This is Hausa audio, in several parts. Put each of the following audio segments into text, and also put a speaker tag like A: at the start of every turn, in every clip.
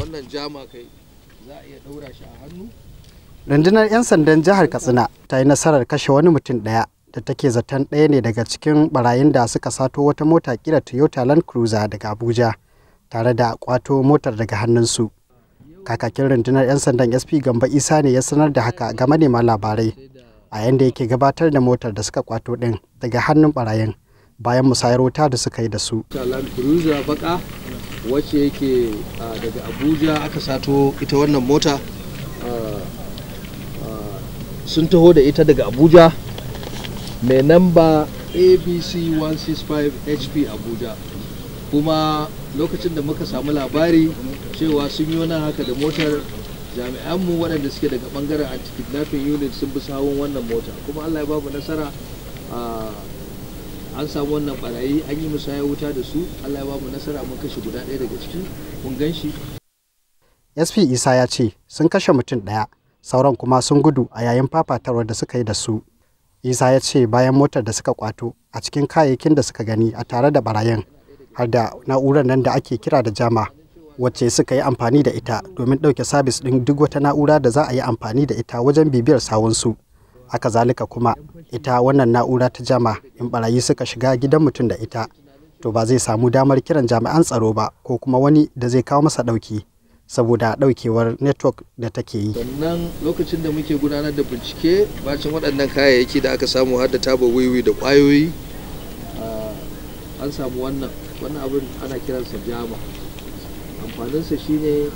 A: wannan jama a hannu
B: rundunar 'yan sandan jihar katsina ta yi nasarar kashe wani mutum ɗaya da take zaton ɗaya ne daga cikin barayin da suka sato wata mota kira toyota land cruiser daga abuja tare da kwato motar daga hannunsu kakakin rundunar 'yan sandan sp gamba isa ne ya sanar da haka ga manema labarai a yadda yake gabatar da motar da suka kwato ɗin daga hannun barayin bayan musayar wuta da suka yi da su.
A: wacce yake ah, daga abuja aka sato ita wannan mota ah, ah, sun taho da ita daga abuja mai namba abc 165 hp abuja kuma lokacin da muka samu labari cewa sun yi wani haka da motar jami'anmu waɗanda suke daga ɓangaren anti-kidnapping unit sun bi sawun wannan mota kuma allah ya babu nasara an samu wannan barayi an yi musaya wuta da su allah ya bamu nasara mun kashe guda ɗaya daga ciki mun gan
B: sp isa ya ce sun kashe mutum ɗaya sauran kuma sun gudu a yayin fafatarwar da suka yi da su isa ya ce bayan motar da suka kwato a cikin kayayyakin da suka gani a tare da barayin har da na'urar nan da ake kira da jama wacce suka yi amfani da ita domin ɗauke sabis ɗin duk wata na'ura da za a yi amfani da ita wajen bibiyar sawunsu aka zalika kuma ita wannan na'ura ta jama in barayi suka shiga gidan mutum da ita to ba zai samu damar kiran jami'an tsaro ba ko kuma wani da zai kawo masa ɗauki saboda ɗaukewar network da take yi.
A: Sannan lokacin da muke gudanar da bincike bacin waɗannan kayayyaki da aka samu har da tabo wiwi da ƙwayoyi ah, an samu wannan wannan abin ana kiransa jama amfaninsa shine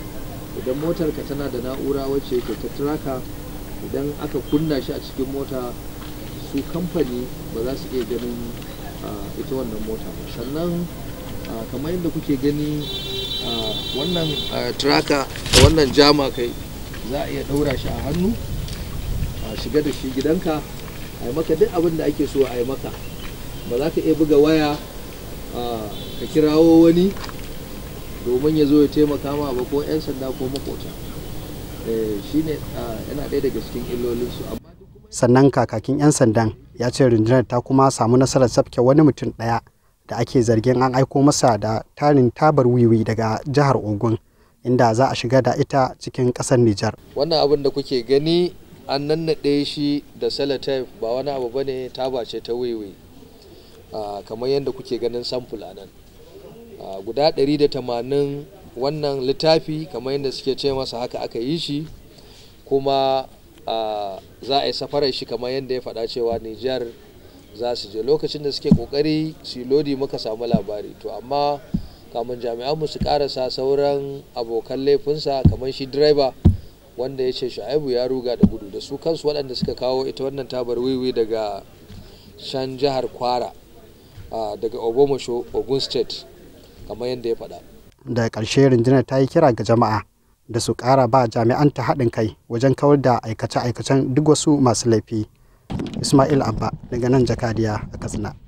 A: idan motarka tana da na'ura wacce ke ta traka idan aka kunna shi a cikin mota su kamfani ba za su iya ganin ita wannan mota sannan kamar yadda kuke gani wannan traka da wannan jama kai za a iya ɗaura shi a hannu a shiga da shi gidanka a yi maka duk abin da ake so a yi maka ba za ka iya buga waya ka kirawo wani domin ya zo ya taimaka ma ba ko 'yan sanda ko makota Eh, shine ah, yana ɗaya daga cikin illolinsu
B: sannan kakakin 'yan sandan ya ce rundunar ta kuma samu nasarar safke wani mutum ɗaya da ake zargin an aiko masa da tarin tabar wiwi daga jihar ogun inda za a shiga da ita cikin ƙasar nijar
A: wannan abin da kuke gani an nannaɗe shi da sellotape ba wani abu bane taba ce ta wiwi ah, kamar yadda kuke ganin samfula nan ah, guda 180 wannan littafi kamar yadda suke ce masa haka aka yi shi kuma za a yi safarar shi kamar yadda ya faɗa cewa nijar za su je lokacin da suke kokari su lodi muka samu labari to amma kamun jami'an mu su karasa sauran abokan laifinsa kamar shi direba wanda ya ce shu'aibu ya ruga da gudu da su kansu waɗanda suka kawo ita wannan tabar wiwi daga shan jihar kwara daga ogun state kamar yadda ya faɗa
B: da ƙarshe rundunar ta yi kira ga jama'a da su ƙara ba jami'anta haɗin kai wajen kawar da aikace-aikacen duk wasu masu laifi ismail abba daga nan jakadiya a katsina